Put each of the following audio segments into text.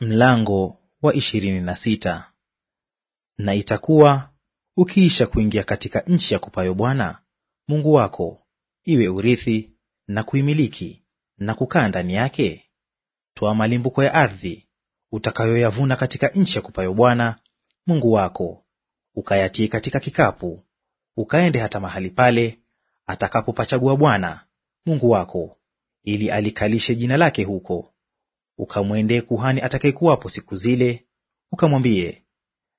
Mlango wa ishirini na sita. Na itakuwa ukiisha kuingia katika nchi ya kupayo Bwana Mungu wako iwe urithi na kuimiliki na kukaa ndani yake, toa malimbuko ya ardhi utakayoyavuna katika nchi ya kupayo Bwana Mungu wako, ukayatie katika kikapu, ukaende hata mahali pale atakapopachagua Bwana Mungu wako, ili alikalishe jina lake huko ukamwendee kuhani atakayekuwapo siku zile, ukamwambie,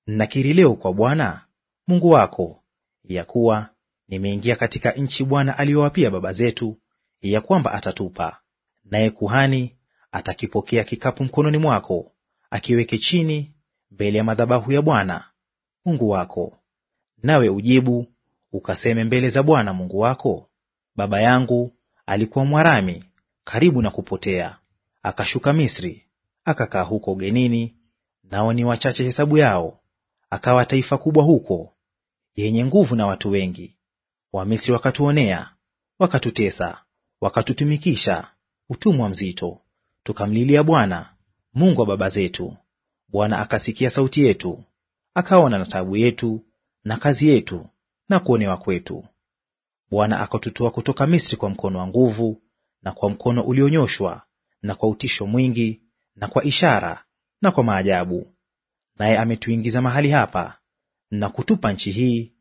nakiri leo kwa Bwana Mungu wako ya kuwa nimeingia katika nchi Bwana aliyowapia baba zetu, ya kwamba atatupa. Naye kuhani atakipokea kikapu mkononi mwako, akiweke chini mbele ya madhabahu ya Bwana Mungu wako. Nawe ujibu ukaseme mbele za Bwana Mungu wako, baba yangu alikuwa Mwarami, karibu na kupotea, akashuka Misri, akakaa huko ugenini, nao ni wachache hesabu yao, akawa taifa kubwa huko, yenye nguvu na watu wengi. Wamisri wakatuonea, wakatutesa, wakatutumikisha utumwa mzito. Tukamlilia Bwana Mungu wa baba zetu. Bwana akasikia sauti yetu, akaona na taabu yetu na kazi yetu na kuonewa kwetu. Bwana akatutoa kutoka Misri kwa mkono wa nguvu na kwa mkono ulionyoshwa, na kwa utisho mwingi na kwa ishara na kwa maajabu, naye ametuingiza mahali hapa na kutupa nchi hii,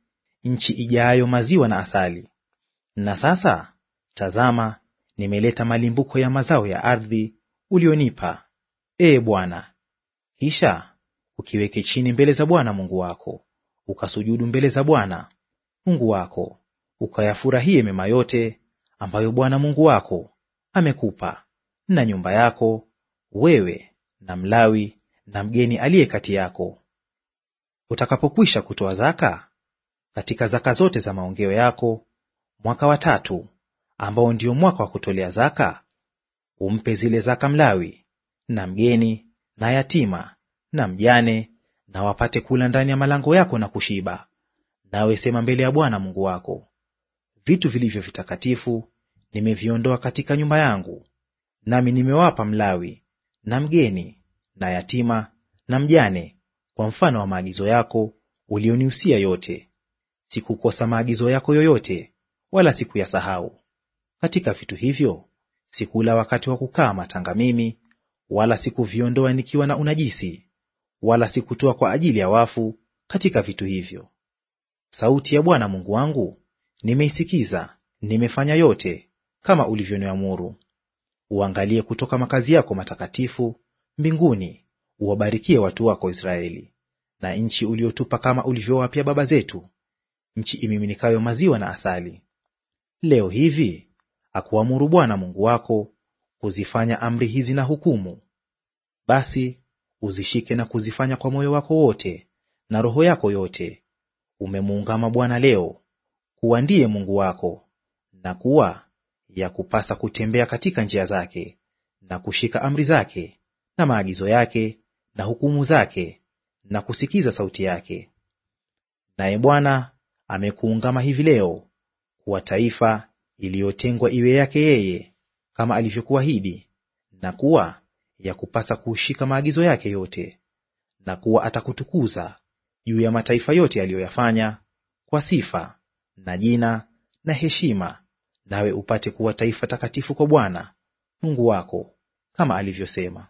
nchi ijayo maziwa na asali. Na sasa tazama, nimeleta malimbuko ya mazao ya ardhi ulionipa, ee Bwana. Kisha ukiweke chini mbele za Bwana Mungu wako, ukasujudu mbele za Bwana Mungu wako, ukayafurahie mema yote ambayo Bwana Mungu wako amekupa na nyumba yako, wewe na Mlawi na mgeni aliye kati yako. Utakapokwisha kutoa zaka katika zaka zote za maongeo yako mwaka wa tatu, ambao ndio mwaka wa kutolea zaka, umpe zile zaka Mlawi na mgeni na yatima na mjane, na wapate kula ndani ya malango yako na kushiba. Nawe sema mbele ya Bwana Mungu wako, vitu vilivyo vitakatifu nimeviondoa katika nyumba yangu Nami nimewapa Mlawi na mgeni na yatima na mjane, kwa mfano wa maagizo yako ulioniusia yote. Sikukosa maagizo yako yoyote, wala sikuyasahau. Katika vitu hivyo sikula wakati wa kukaa matanga mimi, wala sikuviondoa nikiwa na unajisi, wala sikutoa kwa ajili ya wafu katika vitu hivyo. Sauti ya Bwana Mungu wangu nimeisikiza, nimefanya yote kama ulivyoniamuru. Uangalie kutoka makazi yako matakatifu mbinguni, uwabarikie watu wako Israeli, na nchi uliotupa kama ulivyowapia baba zetu, nchi imiminikayo maziwa na asali. Leo hivi akuamuru Bwana Mungu wako kuzifanya amri hizi na hukumu, basi uzishike na kuzifanya kwa moyo wako wote na roho yako yote. Umemuungama Bwana leo kuwa ndiye Mungu wako na kuwa ya kupasa kutembea katika njia zake na kushika amri zake na maagizo yake na hukumu zake na kusikiza sauti yake. Naye Bwana amekuungama hivi leo kuwa taifa iliyotengwa iwe yake yeye, kama alivyokuahidi, na kuwa ya kupasa kuushika maagizo yake yote, na kuwa atakutukuza juu ya mataifa yote aliyoyafanya kwa sifa na jina na heshima nawe upate kuwa taifa takatifu kwa Bwana Mungu wako, kama alivyosema.